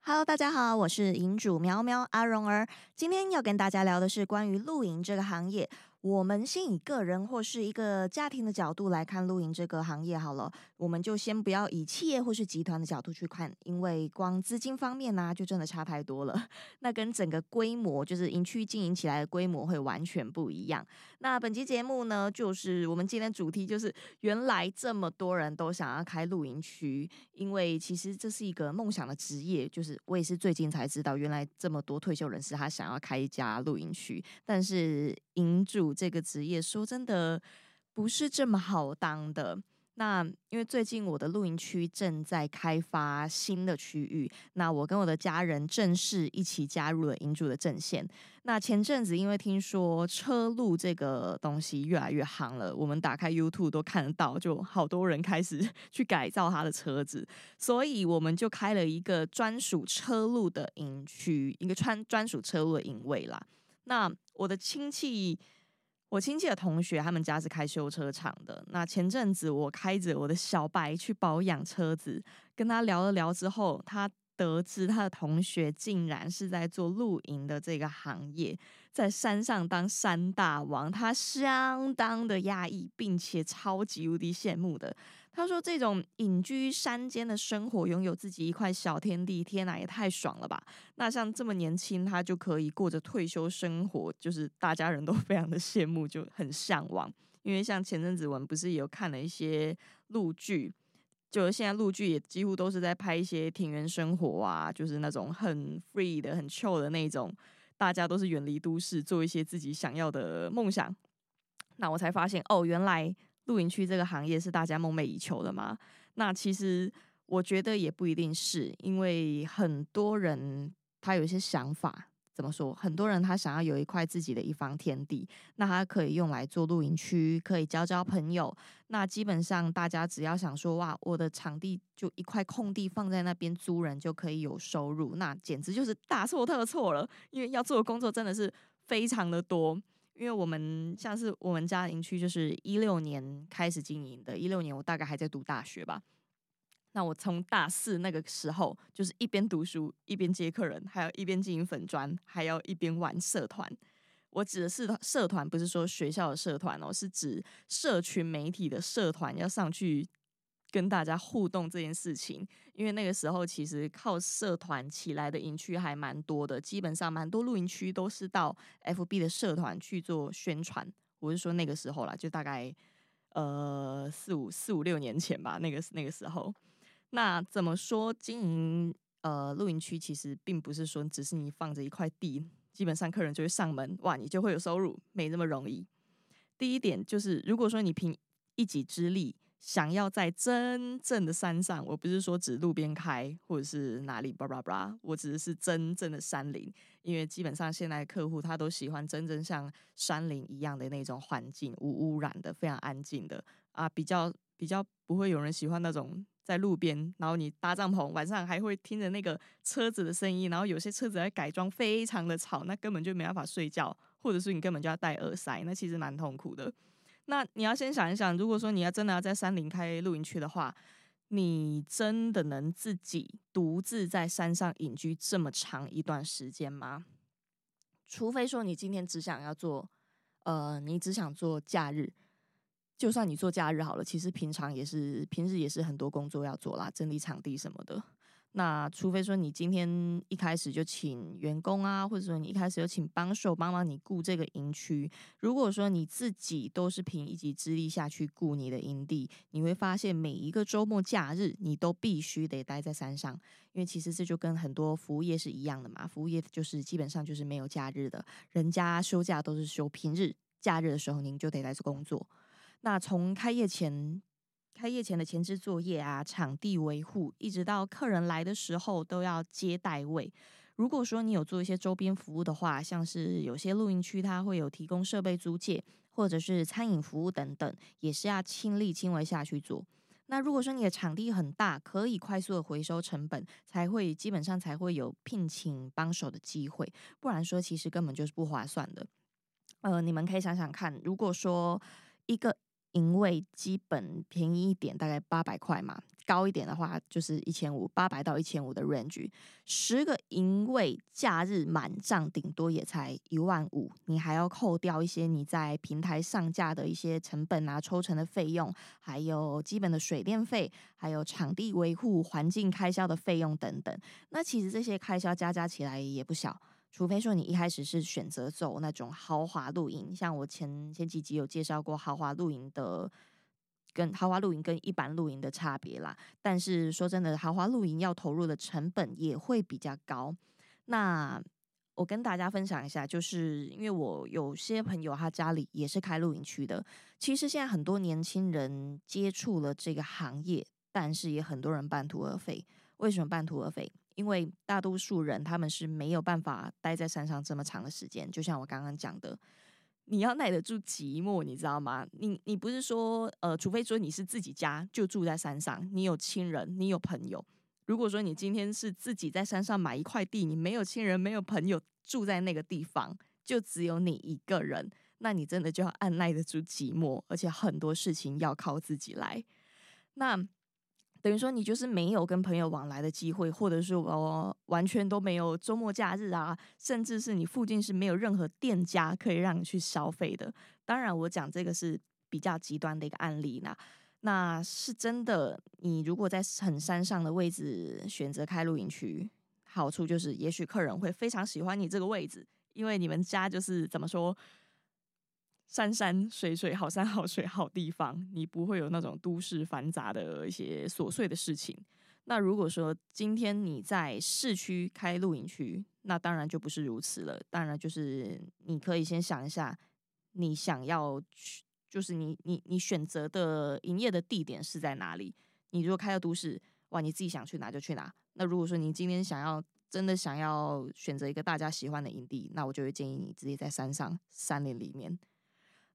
哈嘍，Hello, 大家好，我是營主喵喵阿蓉兒，今天要跟大家聊的是關於露營這個行業。我們先以個人或是一個家庭的角度來看露營這個行業好了，我們就先不要以企業或是集團的角度去看，因為光資金方面呢、啊，就真的差太多了。那跟整個規模，就是營區經營起來的規模會完全不一樣。那本期節目呢，就是我們今天主題就是原來這麼多人都想要開露營區，因為其實這是一個夢想的職業。就是我也是最近才知道，原來這麼多退休人士他想要開一家露營區，但是營主。這個職業說真的不是這麼好當的。那因為最近我的露營區正在開發新的區域，那我跟我的家人正式一起加入了營主的陣線。那前陣子因為聽說車路這個東西越來越夯了，我們打開 YouTube 都看得到，就好多人開始去改造他的車子，所以我們就開了一個專屬車路的營區，一個專專屬車路的營位啦。那我的親戚。我親戚的同學，他們家是開修車廠的。那前陣子我開着我的小白去保養車子，跟他聊了聊之後，他得知他的同學竟然是在做露營的這個行業，在山上當山大王，他相當的壓抑，並且超級無敵羨慕的。他說：“這種隱居山間的生活，擁有自己一塊小天地，天吶，也太爽了吧！那像這麼年輕，他就可以過着退休生活，就是大家人都非常的羨慕，就很向往。因為像前陣子我們不是也有看了一些陸劇，就是現在陸劇也幾乎都是在拍一些田園生活啊，就是那種很 free 的、很 chill 的那種，大家都是遠離都市，做一些自己想要的夢想。那我才發現，哦，原來。”露營區這個行業是大家夢寐以求的嗎？那其實我覺得也不一定是，是因為很多人他有一些想法，怎麼說？很多人他想要有一塊自己的一方天地，那他可以用來做露營區，可以交交朋友。那基本上大家只要想說哇，我的場地就一塊空地放在那邊租人就可以有收入，那簡直就是大錯特錯了，因為要做的工作真的是非常的多。因為我們像是我們家營區，就是一六年開始經營的。一六年我大概還在讀大學吧，那我從大四那個時候，就是一邊讀書，一邊接客人，還要一邊經營粉專，還要一邊玩社團。我指的是社團，不是說學校的社團哦，是指社群媒體的社團，要上去，跟大家互動這件事情，因為那個時候其實靠社團起來的營區還蠻多的，基本上蠻多露營區都是到 FB 的社團去做宣傳。我是說那個時候啦，就大概呃四五四五六年前吧，那個那個時候。那怎麼說經營呃露營區，其實並不是說只是你放着一塊地，基本上客人就會上門，哇，你就會有收入，沒那麼容易。第一點就是，如果說你憑一己之力。想要在真正的山上，我不是說指路邊開或者是哪裡巴拉巴拉，我指的是真正的山林，因為基本上現在客戶他都喜歡真正像山林一樣的那種環境，無污染的，非常安靜的啊，比較比較不會有人喜歡那種在路邊，然後你搭帳篷，晚上還會聽着那個車子的聲音，然後有些車子在改裝，非常的吵，那根本就沒辦法睡覺，或者是你根本就要戴耳塞，那其實蠻痛苦的。那你要先想一想，如果說你要真的要在山林開露營區的話，你真的能自己獨自在山上隱居這麼長一段時間嗎？除非說你今天只想要做，呃，你只想做假日，就算你做假日好了，其實平常也是，平日也是很多工作要做啦，整理場地什麼的。那除非說你今天一開始就請員工啊，或者說你一開始就請幫手幫忙你顧這個營區。如果說你自己都是憑一己之力下去顧你的營地，你會發現每一個週末假日你都必須得待在山上，因為其實這就跟很多服務業是一樣的嘛。服務業就是基本上就是沒有假日的，人家休假都是休平日，假日的時候您就得來工作。那從開業前。開業前的前置作業啊，場地維護，一直到客人來的時候都要接待位。如果說你有做一些周邊服務的話，像是有些露營區它會有提供設備租借，或者是餐飲服務等等，也是要親力親為下去做。那如果說你的場地很大，可以快速的回收成本，才會基本上才會有聘請幫手的機會。不然說其實根本就是不划算的。呃，你們可以想想看，如果說一個。營位基本便宜一點，大概八百塊嘛，高一點的話就是一千五，八百到一千五的 range。十個營位假日滿賬，頂多也才一萬五，你還要扣掉一些你在平台上架的一些成本啊、抽成的費用，還有基本的水電費，還有場地維護、環境開銷的費用等等。那其實這些開銷加加起來也不小。除非說你一開始是選擇走那種豪華露營，像我前前幾集有介紹過豪華露營的，跟豪華露營跟一般露營的差別啦。但是說真的，豪華露營要投入的成本也會比較高。那我跟大家分享一下，就是因為我有些朋友他家裡也是開露營區的。其實現在很多年輕人接觸了這個行業，但是也很多人半途而廢。為什麼半途而廢？因為大多數人他們是沒有辦法待在山上這麼長的時間，就像我剛剛講的，你要耐得住寂寞，你知道嗎？你你不是說，呃，除非說你是自己家就住在山上，你有親人，你有朋友。如果說你今天是自己在山上買一塊地，你沒有親人，沒有朋友住在那個地方，就只有你一個人，那你真的就要按耐得住寂寞，而且很多事情要靠自己來。那。等於說你就是沒有跟朋友往來的機會，或者是我、哦、完全都沒有周末假日啊，甚至是你附近是沒有任何店家可以讓你去消費的。當然，我講這個是比較極端的一個案例呢。那是真的，你如果在很山上的位置選擇開露營區，好處就是也許客人會非常喜歡你這個位置，因為你們家就是怎麼說。山山水水，好山好水好地方，你不會有那種都市繁雜的一些瑣碎的事情。那如果說今天你在市區開露營區，那當然就不是如此了。當然，就是你可以先想一下，你想要去，就是你你你選擇的營業的地點是在哪裡？你如果開到都市，哇，你自己想去哪就去哪。那如果說你今天想要真的想要選擇一個大家喜歡的營地，那我就會建議你直接在山上山林裡面。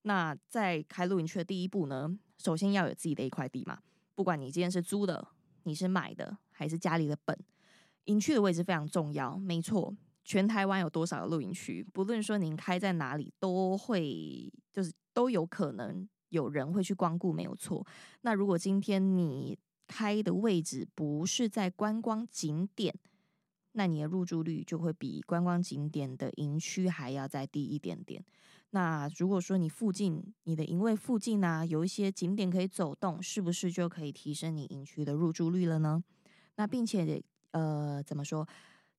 那在開露營區的第一步呢，首先要有自己的一塊地嘛。不管你今天是租的，你是買的，還是家裡的本，營區的位置非常重要。沒錯，全台灣有多少個露營區？不論說您開在哪裡，都會就是都有可能有人會去光顧，沒有錯。那如果今天你開的位置不是在觀光景點，那你的入住率就會比觀光景點的營區還要再低一點點。那如果說你附近你的營位附近呢、啊，有一些景點可以走動，是不是就可以提升你營區的入住率了呢？那並且呃怎麼說，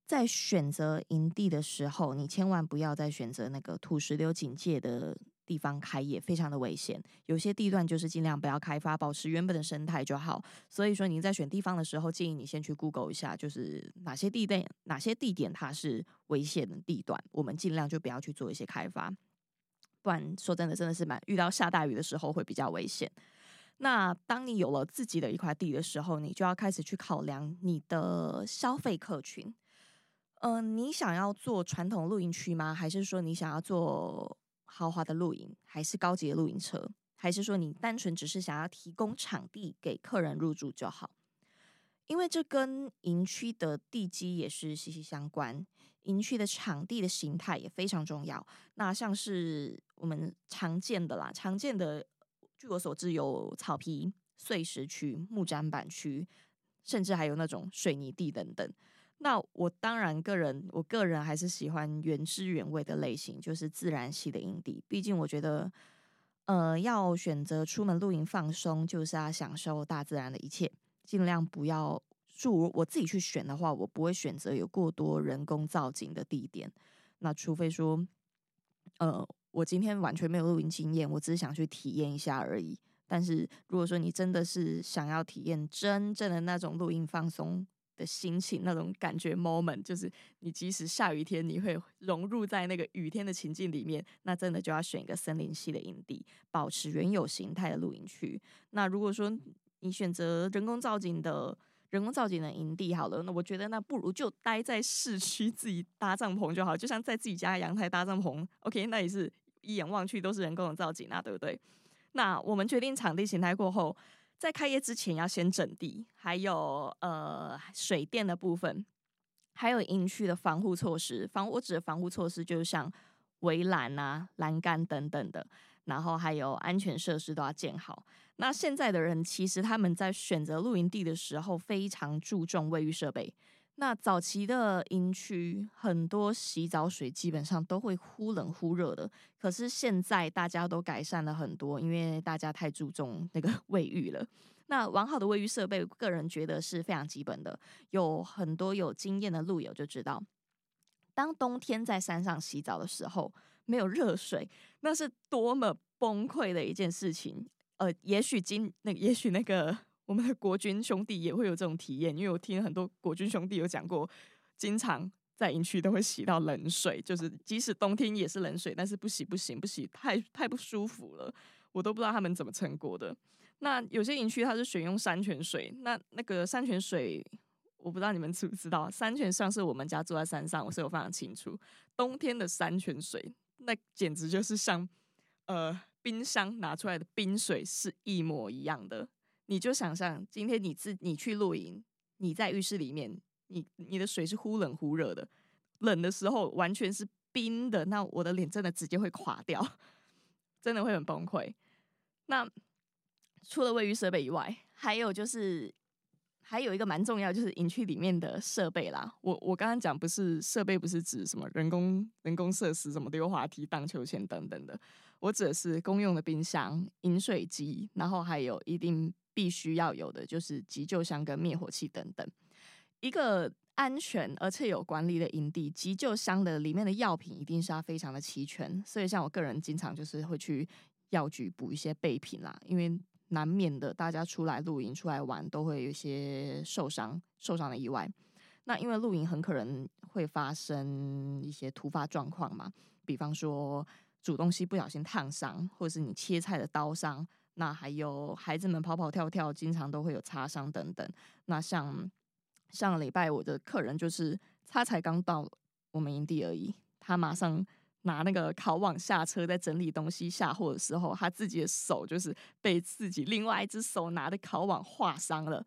在選擇營地的時候，你千萬不要再選擇那個土石流警戒的地方開業，非常的危險。有些地段就是盡量不要開發，保持原本的生態就好。所以說你在選地方的時候，建議你先去 Google 一下，就是哪些地帶哪些地點它是危險的地段，我們盡量就不要去做一些開發。說真的，真的是蠻遇到下大雨的時候會比較危險。那當你有了自己的一塊地的時候，你就要開始去考量你的消費客群。嗯、呃，你想要做傳統露營區嗎？還是說你想要做豪華的露營，還是高級的露營車？還是說你單純只是想要提供場地給客人入住就好？因為這跟營區的地基也是息息相關。營區的場地的形態也非常重要。那像是我們常見的啦，常見的，據我所知有草皮、碎石區、木棧板區，甚至還有那種水泥地等等。那我當然個人，我個人還是喜歡原汁原味的類型，就是自然系的營地。畢竟我覺得，呃，要選擇出門露營放鬆，就是要享受大自然的一切，盡量不要。就我我自己去選的話，我不會選擇有過多人工造景的地點。那除非說，呃，我今天完全沒有露營經驗，我只是想去體驗一下而已。但是如果說你真的是想要體驗真正的那種露營放鬆的心情，那種感覺 moment，就是你即使下雨天，你會融入在那個雨天的情境裡面，那真的就要選一個森林系的營地，保持原有形態的露營區。那如果說你選擇人工造景的，人工造景的營地好了，那我覺得那不如就待在市區自己搭帳篷就好，就像在自己家陽台搭帳篷。OK，那也是一眼望去都是人工的造景啊，對不對？那我們決定場地形態過後，在開業之前要先整地，還有呃水電的部分，還有營區的防護措施，防我指的防護措施就是像圍欄啊、欄杆等等的。然後還有安全設施都要建好。那現在的人其實他們在選擇露營地的時候非常注重衛浴設備。那早期的營區，很多洗澡水基本上都會忽冷忽熱的。可是現在大家都改善了很多，因為大家太注重那個衛浴了。那完好的衛浴設備，個人覺得是非常基本的。有很多有經驗的路友就知道，當冬天在山上洗澡的時候。沒有熱水，那是多麼崩潰的一件事情。呃，也許今那也許那個我們的國軍兄弟也會有這種體驗，因為我聽很多國軍兄弟有講過，經常在營區都會洗到冷水，就是即使冬天也是冷水，但是不洗不行，不洗，不洗太太不舒服了。我都不知道他們怎麼撐過的。那有些營區它是選用山泉水，那那個山泉水，我不知道你們知不知道，山泉像是我們家住在山上，我是有非常清楚，冬天的山泉水。那簡直就是像，呃，冰箱拿出來的冰水是一模一樣的。你就想象今天你自你去露營，你在浴室裡面，你你的水是忽冷忽熱的，冷的時候完全是冰的，那我的臉真的直接會垮掉，真的會很崩潰。那除了衛浴設備以外，還有就是。還有一個蠻重要，就是營區裡面的設備啦。我我剛剛講不是設備，不是指什麼人工人工設施，什麼溜滑梯、盪秋千等等的。我指的是公用的冰箱、飲水機，然後還有一定必須要有的，就是急救箱跟滅火器等等。一個安全而且有管理的營地，急救箱的裡面的藥品一定是要非常的齊全。所以像我個人經常就是會去藥局補一些備品啦，因為。難免的，大家出來露營、出來玩，都會有一些受傷、受傷的意外。那因為露營很可能會發生一些突發狀況嘛，比方說煮東西不小心燙傷，或是你切菜的刀傷。那還有孩子們跑跑跳跳，經常都會有擦傷等等。那像像上禮拜我的客人，就是他才剛到我們營地而已，他馬上。拿那個烤網下車，在整理東西下貨的時候，他自己的手就是被自己另外一隻手拿的烤網劃傷了。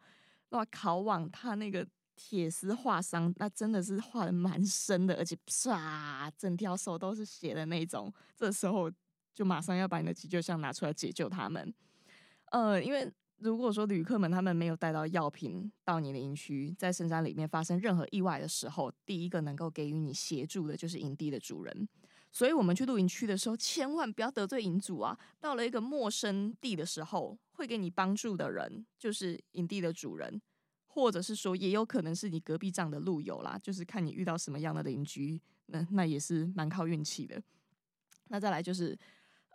哇，烤網它那個鐵絲劃傷，那真的是劃的蠻深的，而且唰，整條手都是血的那種。這時候就馬上要把你的急救箱拿出來解救他們。呃，因為如果說旅客們他們沒有帶到藥品到你的營區，在深山裡面發生任何意外的時候，第一個能夠給予你協助的就是營地的主人。所以我們去露營區的時候，千萬不要得罪營主啊！到了一個陌生地的時候，會給你幫助的人就是營地的主人，或者是說也有可能是你隔壁帳的露友啦，就是看你遇到什麼樣的鄰居，那那也是蠻靠運氣的。那再來就是，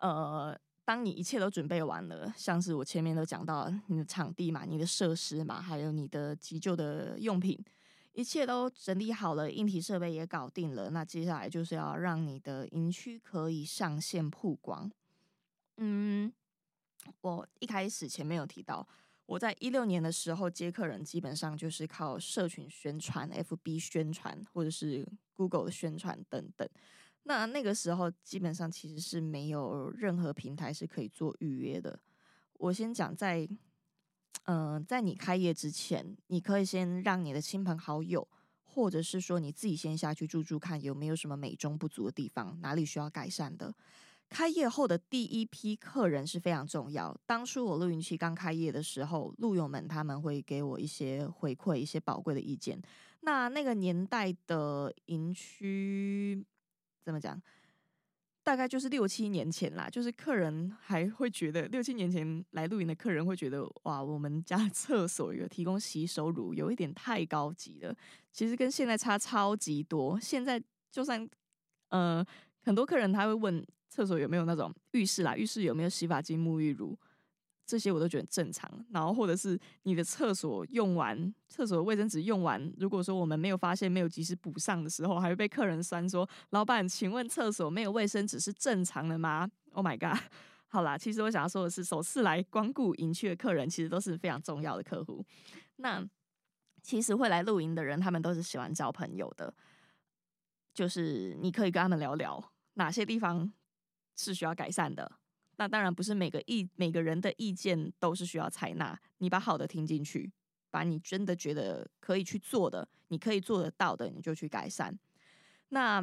呃，當你一切都準備完了，像是我前面都講到你的場地嘛、你的設施嘛，還有你的急救的用品。一切都整理好了，硬體設備也搞定了，那接下來就是要讓你的營區可以上線曝光。嗯，我一開始前面有提到，我在一六年的時候接客人，基本上就是靠社群宣傳、FB 宣傳或者是 Google 的宣傳等等。那那個時候基本上其實是沒有任何平台是可以做預約的。我先講在。嗯、呃，在你開業之前，你可以先讓你的親朋好友，或者是說你自己先下去住住看，有沒有什麼美中不足的地方，哪裡需要改善的。開業後的第一批客人是非常重要。當初我露營區剛開業的時候，露友們他們會給我一些回饋，一些寶貴的意見。那那個年代的營區怎麼講？大概就是六七年前啦，就是客人還會覺得，六七年前來露營的客人會覺得，哇，我們家廁所有提供洗手乳，有一點太高級了。其實跟現在差超級多。現在就算，呃，很多客人他會問廁所有沒有那種浴室啦，浴室有沒有洗髮精、沐浴乳。這些我都覺得正常，然後或者是你的廁所用完，廁所的衛生紙用完，如果說我們沒有發現、沒有及時補上的時候，還會被客人酸說：“老闆，請問廁所沒有衛生紙是正常的嗎？”Oh my god！好啦，其實我想要說的是，首次來光顧營區的客人其實都是非常重要的客戶。那其實會來露營的人，他們都是喜歡交朋友的，就是你可以跟他們聊聊哪些地方是需要改善的。那當然不是每個意每個人的意見都是需要採納。你把好的聽進去，把你真的覺得可以去做的，你可以做得到的，你就去改善。那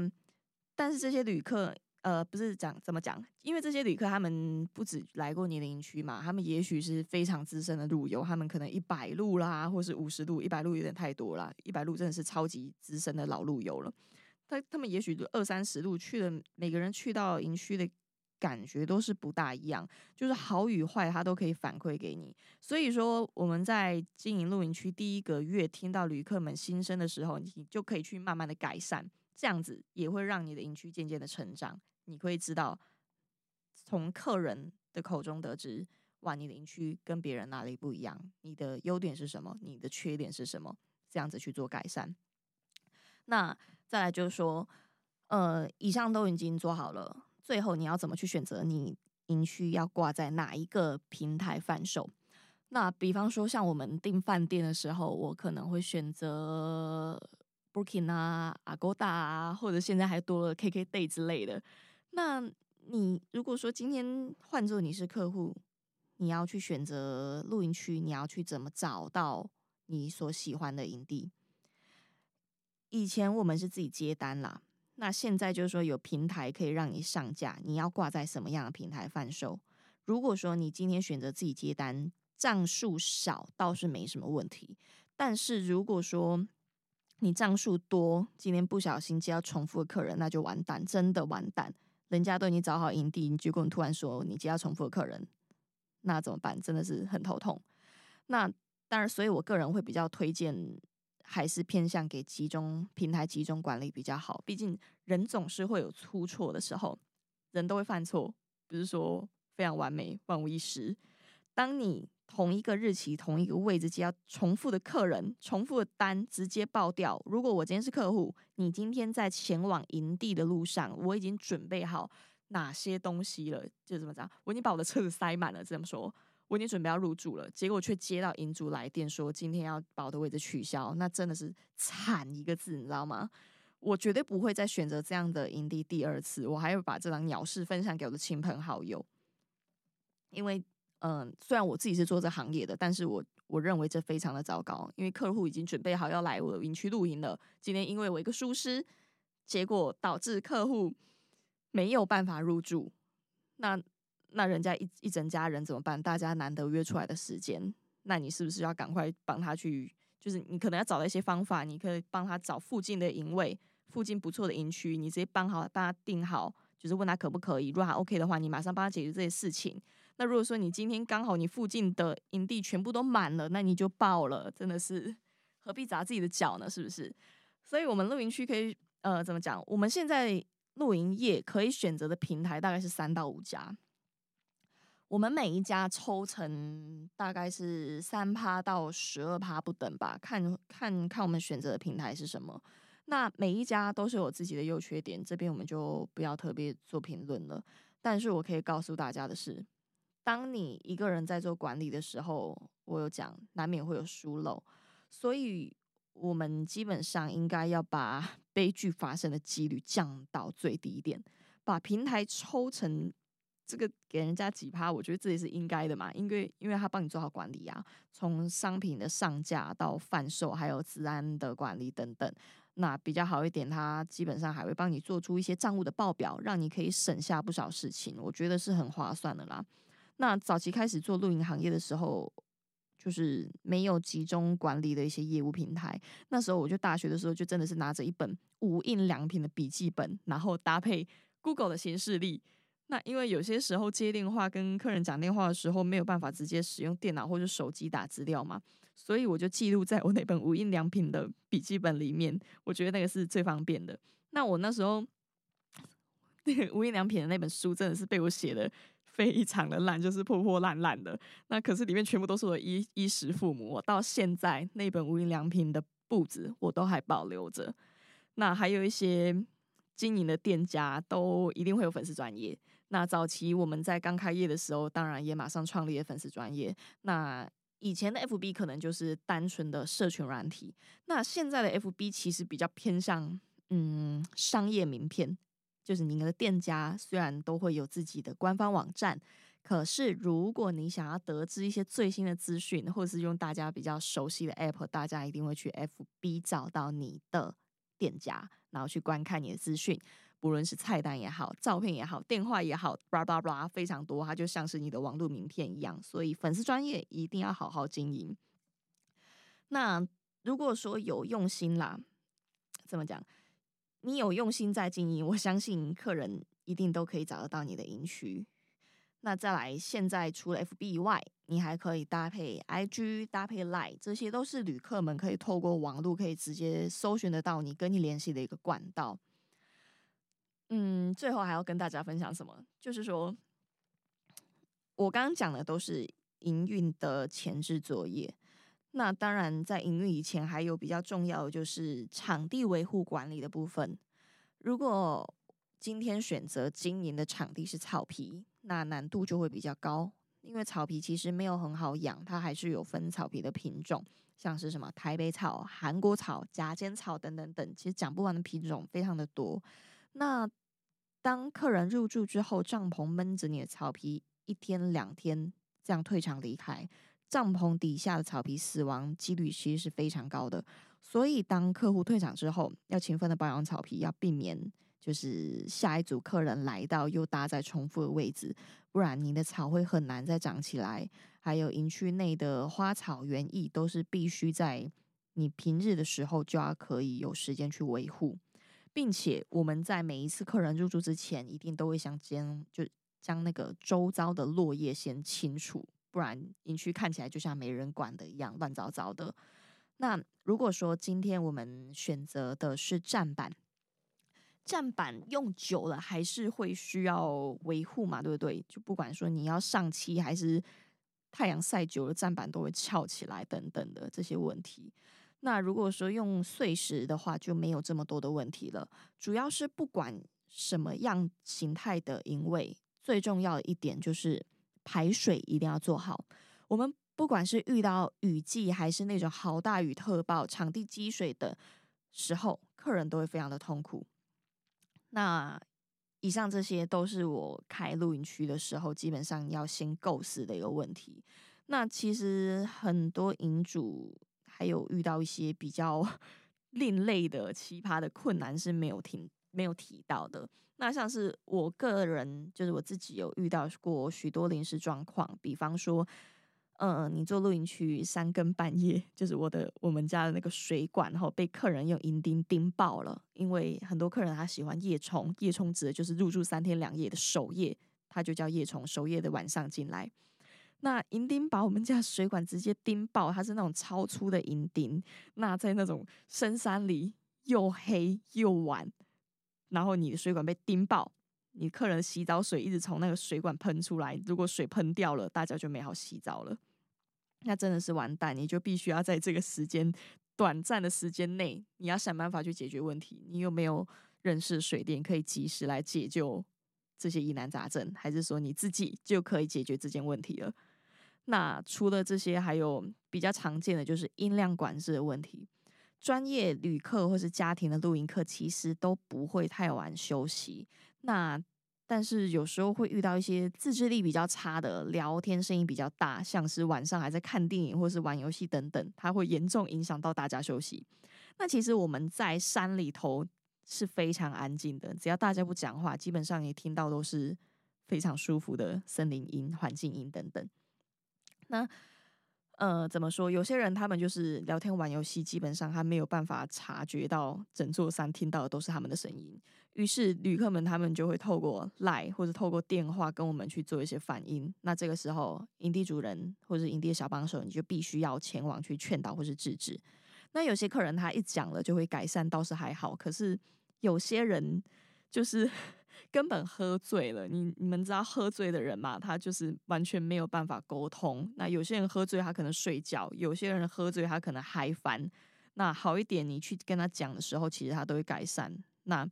但是這些旅客，呃，不是講怎麼講？因為這些旅客他們不止來過你的營區嘛，他們也許是非常資深的露友，他們可能一百露啦，或是五十露，一百露有點太多啦，一百露真的是超級資深的老露友了。他他們也許就二三十露去了，每個人去到營區的。感覺都是不大一樣，就是好與壞，它都可以反饋給你。所以說，我們在經營露營區第一個月聽到旅客們心聲的時候，你就可以去慢慢的改善，這樣子也會讓你的營區漸漸的成長。你可以知道從客人的口中得知，哇，你的營區跟別人哪裡不一樣？你的優點是什麼？你的缺點是什麼？這樣子去做改善。那再來就是說，呃，以上都已經做好了。最後你要怎麼去選擇你營區要掛在哪一個平台販售？那比方說像我們訂飯店的時候，我可能會選擇 Booking 啊、Agoda 啊，或者現在還多了 KK Day 之類的。那你如果說今天換做你是客戶，你要去選擇露營區，你要去怎麼找到你所喜歡的營地？以前我們是自己接單啦。那現在就是說有平台可以讓你上架，你要掛在什麼樣的平台販售？如果說你今天選擇自己接單，賬數少倒是沒什麼問題，但是如果說你賬數多，今天不小心接到重複的客人，那就完蛋，真的完蛋。人家都已經找好營地，你結果你突然說你接到重複的客人，那怎麼辦？真的是很頭痛。那當然，所以我個人會比較推薦。還是偏向給集中平台集中管理比較好，畢竟人總是會有出錯的時候，人都會犯錯，不是說非常完美、萬無一失。當你同一個日期、同一個位置接到重複的客人、重複的單，直接爆掉。如果我今天是客戶，你今天在前往營地的路上，我已經準備好哪些東西了？就怎麼講，我已經把我的車子塞滿了，怎麼說？我已經準備要入住了，結果卻接到營主來電說，今天要把我的位置取消，那真的是慘一個字，你知道嗎？我絕對不會再選擇這樣的營地第二次，我還會把這張鳥事分享給我的親朋好友，因為嗯，雖然我自己是做這行業的，但是我我認為這非常的糟糕，因為客戶已經準備好要來我的營區露營了，今天因為我一個疏失，結果導致客戶沒有辦法入住，那。那人家一一整家人怎麼辦？大家難得約出來的時間，那你是不是要趕快幫他去？就是你可能要找到一些方法，你可以幫他找附近的營位，附近不錯的營區，你直接幫好幫他訂好，就是問他可不可以。如果他 OK 的話，你馬上幫他解決這些事情。那如果說你今天剛好你附近的營地全部都滿了，那你就爆了，真的是何必砸自己的腳呢？是不是？所以，我們露營區可以呃怎麼講？我們現在露營業可以選擇的平台大概是三到五家。我們每一家抽成大概是三趴到十二趴不等吧，看看，看看我們選擇的平台是什麼。那每一家都是有自己的優缺點，這邊我們就不要特別做評論了。但是我可以告訴大家的是，當你一個人在做管理的時候，我有講難免會有疏漏，所以我們基本上應該要把悲劇發生的幾率降到最低點，把平台抽成。這個給人家幾趴，我覺得這也是應該的嘛，因為因為他幫你做好管理啊，從商品的上架到販售，還有治安的管理等等，那比較好一點，他基本上還會幫你做出一些賬務的報表，讓你可以省下不少事情，我覺得是很划算的啦。那早期開始做露營行業的時候，就是沒有集中管理的一些業務平台，那時候我就大學的時候就真的是拿着一本無印良品的筆記本，然後搭配 Google 的行事曆。那因為有些時候接電話跟客人講電話的時候沒有辦法直接使用電腦或者手機打資料嘛，所以我就記錄在我那本《無印良品》的筆記本裡面。我覺得那個是最方便的。那我那時候那個《無印良品》的那本書真的是被我寫的非常的爛，就是破破爛爛的。那可是裡面全部都是我衣衣食父母。我到現在那本《無印良品》的簿子，我都還保留着。那還有一些。經營的店家都一定會有粉絲專頁。那早期我們在剛開業的時候，當然也馬上創立了粉絲專頁。那以前的 FB 可能就是單純的社群軟體，那現在的 FB 其實比較偏向嗯，商業名片。就是你的店家雖然都會有自己的官方網站，可是如果你想要得知一些最新的資訊，或者是用大家比較熟悉的 App，大家一定會去 FB 找到你的店家。然後去觀看你的資訊，不論是菜單也好、照片也好、電話也好，blah blah blah，非常多，它就像是你的網絡名片一樣。所以粉絲專頁一定要好好經營。那如果說有用心啦，怎麼講？你有用心在經營，我相信客人一定都可以找得到你的營區。那再來，現在除了 FB 以外，你還可以搭配 IG、搭配 LINE，這些都是旅客們可以透過網絡可以直接搜尋得到你跟你聯繫的一個管道。嗯，最後還要跟大家分享什麼？就是說，我剛剛講的都是營運的前置作業。那當然，在營運以前，還有比較重要的就是場地維護管理的部分。如果今天選擇經營的場地是草皮，那難度就會比較高。因為草皮其實沒有很好養，它還是有分草皮的品種，像是什麼台北草、韓國草、假儉草等等等，其實講不完的品種非常的多。那當客人入住之後，帳篷悶着你的草皮，一天兩天這樣退場離開，帳篷底下的草皮死亡幾率其實是非常高的。所以當客戶退場之後，要勤奮的保養草皮，要避免。就是下一組客人來到又搭在重複的位置，不然你的草會很難再長起來。還有營區內的花草園藝都是必須在你平日的時候就要可以有時間去維護，並且我們在每一次客人入住之前，一定都會想將就將那個周遭的落葉先清除，不然營區看起來就像沒人管的一樣亂糟糟的。那如果說今天我們選擇的是站板。站板用久了還是會需要維護嘛，對不對？就不管說你要上漆，還是太陽曬久了，站板都會翹起來等等的這些問題。那如果說用碎石的話，就沒有這麼多的問題了。主要是不管什麼樣形態的營位，最重要的一點就是排水一定要做好。我們不管是遇到雨季，還是那種豪大雨特報，場地積水的時候，客人都會非常的痛苦。那以上這些都是我開露營區的時候，基本上要先構思的一個問題。那其實很多營主還有遇到一些比較另類的、奇葩的困難是沒有聽、沒有提到的。那像是我個人，就是我自己有遇到過許多臨時狀況，比方說。嗯，你做露營區三更半夜，就是我的我們家的那個水管，然後被客人用營釘釘爆了。因為很多客人他喜歡夜衝，夜衝指的就是入住三天兩夜的首夜，他就叫夜衝，首夜的晚上進來。那營釘把我們家的水管直接釘爆，它是那種超粗的營釘。那在那種深山裡又黑又晚，然後你的水管被釘爆，你客人洗澡水一直從那個水管噴出來，如果水噴掉了，大家就沒好洗澡了。那真的是完蛋，你就必須要在這個時間短暫的時間內，你要想辦法去解決問題。你有沒有認識水電可以及時來解救這些疑難雜症？還是說你自己就可以解決這件問題了？那除了這些，還有比較常見的就是音量管制的問題。專業旅客或是家庭的露營客，其實都不會太晚休息。那但是有時候會遇到一些自制力比較差的，聊天聲音比較大，像是晚上還在看電影或是玩遊戲等等，它會嚴重影響到大家休息。那其實我們在山裡頭是非常安靜的，只要大家不講話，基本上你聽到都是非常舒服的森林音、環境音等等。那呃，怎麼說？有些人他們就是聊天玩遊戲，基本上他沒有辦法察覺到整座山聽到的都是他們的聲音。於是旅客們他們就會透過 LINE 或者透過電話跟我們去做一些反應。那這個時候，營地主人或者是營地的小幫手，你就必須要前往去勸導或是制止。那有些客人他一講了就會改善，倒是還好。可是有些人就是。根本喝醉了，你你們知道喝醉的人嘛？他就是完全沒有辦法溝通。那有些人喝醉，他可能睡覺；有些人喝醉，他可能嗨翻。那好一點，你去跟他講的時候，其實他都會改善。那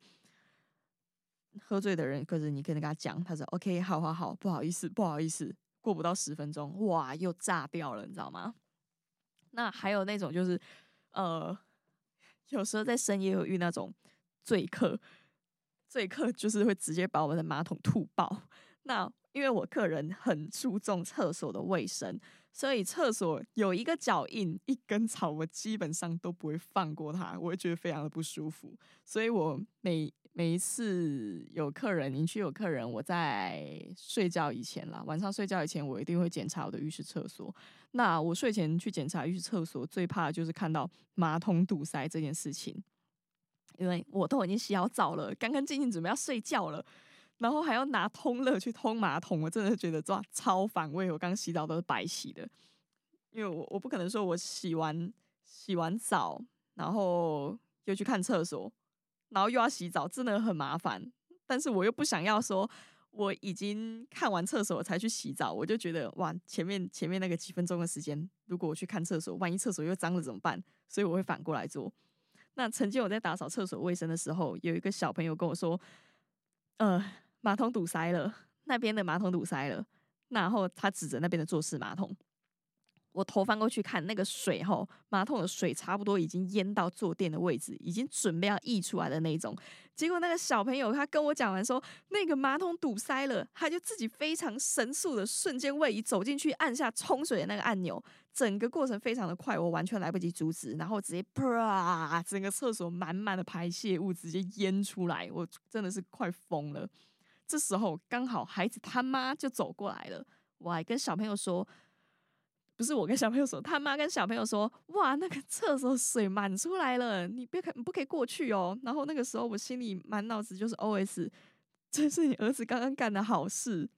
喝醉的人，可是你跟他講，他說：“OK，好好好，不好意思，不好意思。”過不到十分鐘，哇，又炸掉了，你知道嗎？那還有那種就是，呃，有時候在深夜會遇那種醉客。這一刻就是會直接把我的馬桶吐爆。那因為我個人很注重廁所的衛生，所以廁所有一個腳印、一根草，我基本上都不會放過它，我會覺得非常的不舒服。所以我每每一次有客人，鄰居有客人，我在睡覺以前啦，晚上睡覺以前，我一定會檢查我的浴室廁所。那我睡前去檢查浴室廁所，最怕的就是看到馬桶堵塞這件事情。因為我都已經洗好澡了，乾乾淨淨，準備要睡覺了，然後還要拿通樂去通馬桶，我真的覺得哇，超反胃。我剛洗澡都是白洗的，因為我我不可能說我洗完洗完澡，然後又去看廁所，然後又要洗澡，真的很麻煩。但是我又不想要說我已經看完廁所我才去洗澡，我就覺得哇，前面前面那個幾分鐘的時間，如果我去看廁所，萬一廁所又髒了怎麼辦？所以我會反過來做。那曾經我在打掃廁所衛生的時候，有一個小朋友跟我說：“呃，馬桶堵塞了，那邊的馬桶堵塞了。”然後他指着那邊的坐式馬桶。我頭翻過去看那個水吼，馬桶的水差不多已經淹到坐墊的位置，已經準備要溢出來的那一種。結果那個小朋友他跟我講完說，那個馬桶堵塞了，他就自己非常神速的瞬間位移走進去按下沖水的那個按鈕，整個過程非常的快，我完全來不及阻止，然後直接啪，整個廁所滿滿的排泄物直接淹出來，我真的是快瘋了。這時候剛好孩子他媽就走過來了，我還跟小朋友說。不是我跟小朋友說，他媽跟小朋友說，哇，那個廁所水滿出來了，你不可不可以過去哦？然後那個時候我心裡滿腦子就是 OS，這是你兒子剛剛幹的好事。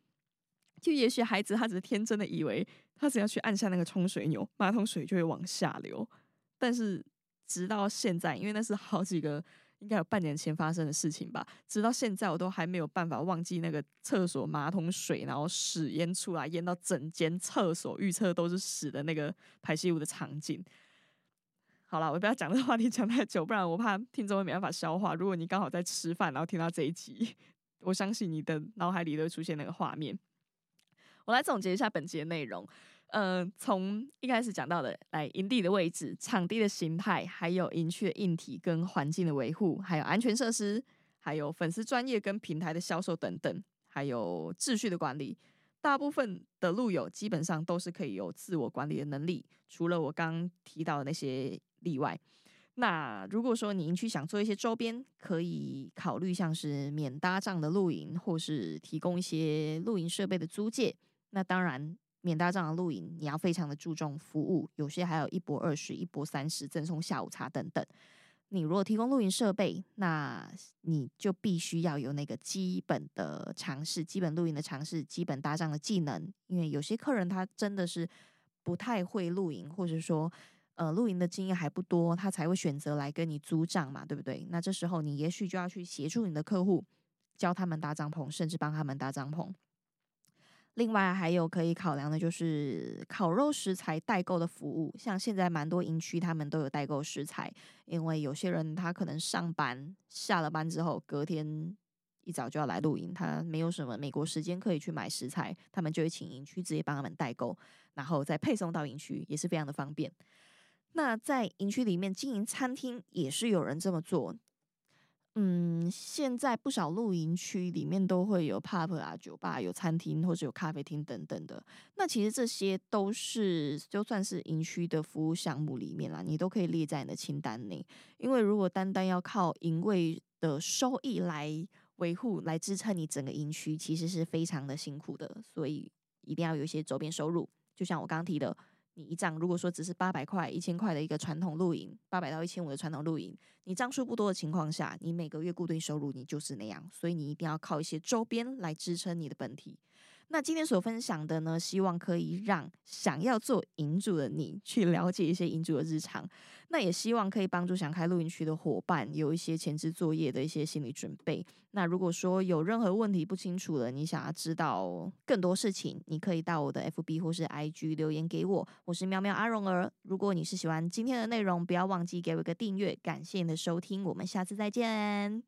就也許孩子他只是天真的以為，他只要去按下那個沖水鈕，馬桶水就會往下流。但是直到現在，因為那是好幾個，應該有半年前發生的事情吧，直到現在我都還沒有辦法忘記那個廁所馬桶水，然後屎淹出來，淹到整間廁所，預測都是屎的那個排泄物的場景。好了，我不要講這個話題講太久，不然我怕聽眾會沒辦法消化。如果你剛好在吃飯，然後聽到這一集，我相信你的腦海裡都會出現那個畫面。我來總結一下本集的內容。嗯、呃，從一開始講到的，來營地的位置、場地的型態，還有營區的硬體跟環境的維護，還有安全設施，還有粉絲專業跟平台的銷售等等，還有秩序的管理，大部分的露友基本上都是可以有自我管理的能力，除了我剛剛提到的那些例外。那如果說你營區想做一些周邊，可以考慮像是免搭帳的露營，或是提供一些露營設備的租借，那當然。免搭帳的露營，你要非常的注重服務，有些還有一波二十，一波三十，贈送下午茶等等。你如果提供露營設備，那你就必須要有那個基本的嘗試，基本露營的嘗試，基本搭帳的技能。因為有些客人他真的是不太會露營，或者說呃露營的經驗還不多，他才會選擇來跟你租帳嘛，對不對？那這時候你也許就要去協助你的客戶，教他們搭帳篷，甚至幫他們搭帳篷。另外還有可以考量的就是烤肉食材代購的服務，像現在蠻多營區他們都有代購食材，因為有些人他可能上班下了班之後，隔天一早就要來露營，他沒有什麼美國時間可以去買食材，他們就會請營區直接幫他們代購，然後再配送到營區，也是非常的方便。那在營區裡面經營餐廳也是有人這麼做。嗯，現在不少露營區裡面都會有 pub 啊、酒吧、啊、有餐廳或者有咖啡廳等等的。那其實這些都是就算是營區的服務項目裡面啦，你都可以列在你的清單內。因為如果單單要靠營位的收益來維護、來支撐你整個營區，其實是非常的辛苦的。所以一定要有一些周邊收入，就像我剛剛提的。你一帳，如果說只是八百塊、一千塊的一個傳統露營，八百到一千五的傳統露營，你帳數不多的情況下，你每個月固定收入你就是那樣，所以你一定要靠一些周邊來支撐你的本體。那今天所分享的呢，希望可以讓想要做營主的你去了解一些營主的日常，那也希望可以幫助想開露營區的夥伴有一些前置作業的一些心理準備。那如果說有任何問題不清楚的，你想要知道更多事情，你可以到我的 FB 或是 IG 留言給我。我是喵喵阿蓉兒。如果你是喜歡今天的內容，不要忘記給我一個訂閱。感謝你的收聽，我們下次再見。